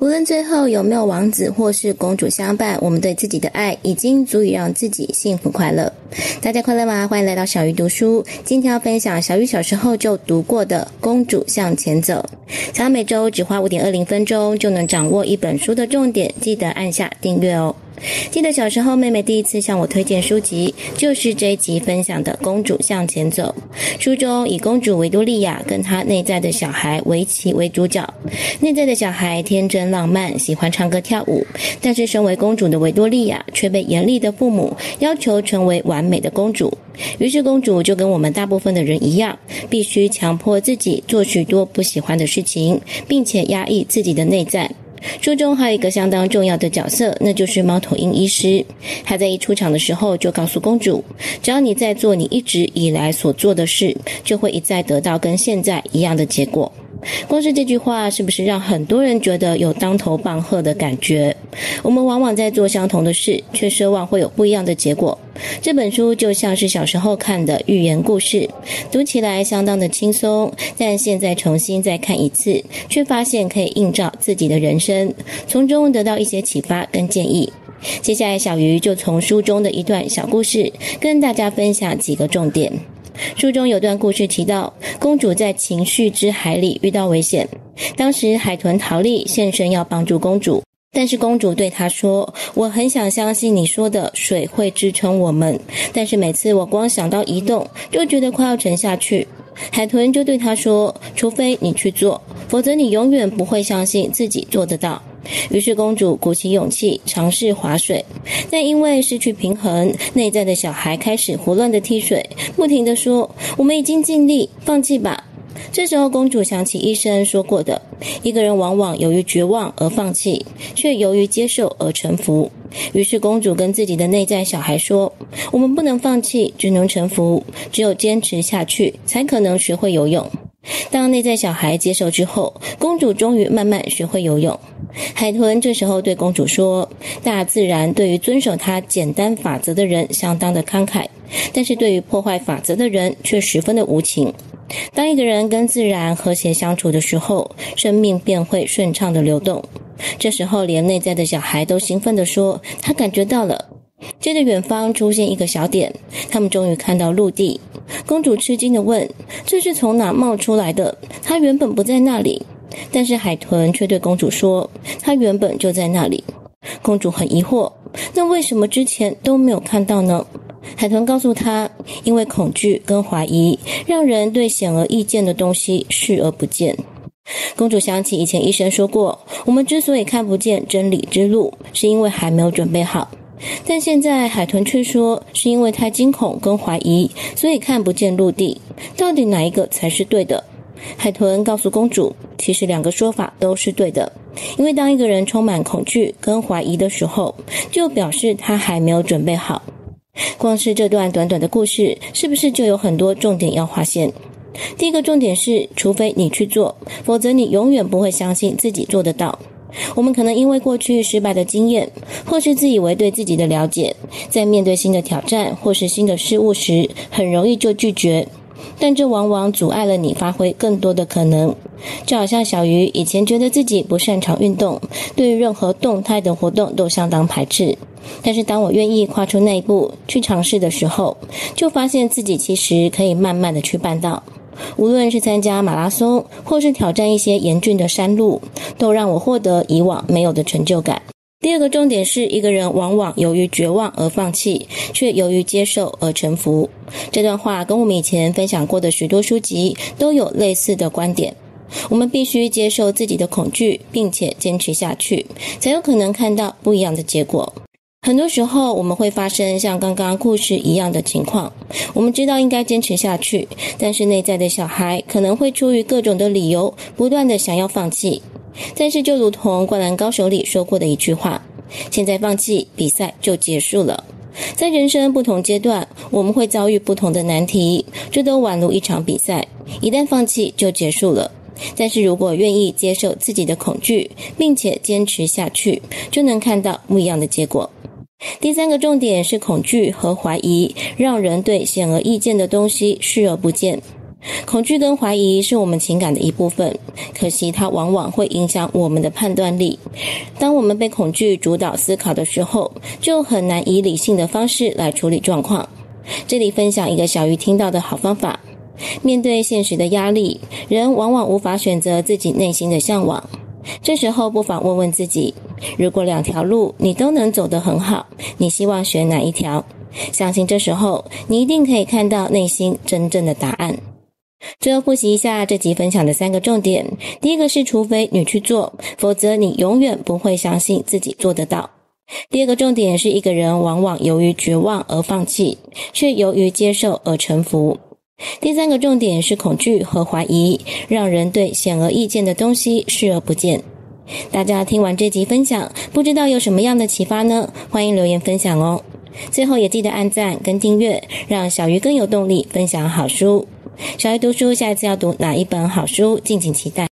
無論最後有沒有王子或是公主相伴，我們對自己的愛已經足以讓自己幸福快樂。大家快樂嗎？歡迎來到小魚讀書。今天要分享小魚小時候就讀過的《公主向前走》。想要每週只花5.20分鐘就能掌握一本書的重點，記得按下訂閱哦。記得小時候，妹妹第一次向我推薦書籍，就是這一集分享的《公主向前走》。書中以公主維多利亞跟她內在的小孩維琪為主角。內在的小孩天真浪漫，喜歡唱歌跳舞，但是身為公主的維多利亞卻被嚴厲的父母要求成為完美的公主。於是，公主就跟我們大部分的人一樣，必須強迫自己做許多不喜歡的事情，并且壓抑自己的內在。書中還有一個相當重要的角色，那就是貓頭鷹醫師。他在一出場的時候就告訴公主：“只要你在做你一直以來所做的事，就會一再得到跟現在一樣的結果。”光是這句話，是不是讓很多人覺得有當頭棒喝的感覺？我們往往在做相同的事，卻奢望會有不一樣的結果。這本書就像是小時候看的寓言故事，讀起來相當的輕鬆。但現在重新再看一次，卻發現可以映照自己的人生，從中得到一些啟發跟建議。接下來，小魚就從書中的一段小故事，跟大家分享幾個重點。書中有段故事提到，公主在情緒之海裡遇到危險，當時海豚逃離現身，要幫助公主。但是公主對他說：“我很想相信你說的水會支撐我們，但是每次我光想到移動，就覺得快要沉下去。”海豚就對他說：“除非你去做，否則你永遠不會相信自己做得到。”於是公主鼓起勇氣嘗試划水，但因為失去平衡，內在的小孩開始胡亂的踢水，不停地說：“我們已經盡力，放棄吧。”這時候，公主想起醫生說過的：“一個人往往由於絕望而放棄，卻由於接受而臣服。”於是，公主跟自己的內在小孩說：“我們不能放棄，只能臣服，只有堅持下去，才可能學會游泳。”當內在小孩接受之後，公主終於慢慢學會游泳。海豚這時候對公主說：“大自然對於遵守它簡單法則的人相當的慷慨，但是對於破壞法則的人卻十分的無情。”當一個人跟自然和諧相處的時候，生命便會順暢的流動。這時候，連內在的小孩都興奮地說：“他感覺到了。”接着，遠方出現一個小點，他們終於看到陸地。公主吃驚地問：“這是從哪冒出來的？它原本不在那裡。”但是海豚卻對公主說：“它原本就在那裡。”公主很疑惑：“那為什麼之前都沒有看到呢？”海豚告訴他：“因為恐懼跟懷疑，讓人對顯而易見的東西視而不見。”公主想起以前醫生說過：“我們之所以看不見真理之路，是因為還沒有準備好。”但現在海豚卻說：“是因為太驚恐跟懷疑，所以看不見陸地。”到底哪一個才是對的？海豚告訴公主：“其實兩個說法都是對的，因為當一個人充滿恐懼跟懷疑的時候，就表示他還沒有準備好。”光是這段短短的故事，是不是就有很多重點要劃線？第一個重點是，除非你去做，否則你永遠不會相信自己做得到。我們可能因為過去失敗的經驗，或是自以為對自己的了解，在面對新的挑戰或是新的事物時，很容易就拒絕。但這往往阻礙了你發揮更多的可能。就好像小魚以前覺得自己不擅長運動，對於任何動態的活動都相當排斥。但是，當我願意跨出那一步去嘗試的時候，就發現自己其實可以慢慢的去辦到。無論是參加馬拉松，或是挑戰一些嚴峻的山路，都讓我獲得以往沒有的成就感。第二個重點是，一個人往往由於絕望而放棄，卻由於接受而臣服。這段話跟我們以前分享過的許多書籍都有類似的觀點。我們必須接受自己的恐懼，並且堅持下去，才有可能看到不一樣的結果。很多時候，我們會發生像剛剛故事一樣的情況。我們知道應該堅持下去，但是內在的小孩可能會出於各種的理由，不斷的想要放棄。但是就如同《灌籃高手》裡說過的一句話：“現在放棄，比賽就結束了。”在人生不同階段，我們會遭遇不同的難題，這都宛如一場比賽，一旦放棄就結束了。但是如果願意接受自己的恐懼，並且堅持下去，就能看到不一樣的結果。第三個重點是恐懼和懷疑，讓人對顯而易見的東西視而不見。恐懼跟懷疑是我們情感的一部分，可惜它往往會影響我們的判斷力。當我們被恐懼主導思考的時候，就很難以理性的方式來處理狀況。這裡分享一個小魚聽到的好方法：面對現實的壓力，人往往無法選擇自己內心的向往。這時候不妨問問自己。如果兩條路你都能走得很好，你希望選哪一條？相信這時候你一定可以看到內心真正的答案。最後複習一下這集分享的三個重點：第一個是，除非你去做，否則你永遠不會相信自己做得到；第二個重點是一個人往往由於絕望而放棄，卻由於接受而臣服；第三個重點是恐懼和懷疑，讓人對顯而易見的東西視而不見。大家聽完這集分享，不知道有什麼樣的啟發呢？歡迎留言分享哦。最後也記得按讚跟訂閱，讓小魚更有動力分享好書。小魚讀書，下一次要讀哪一本好書，敬請期待。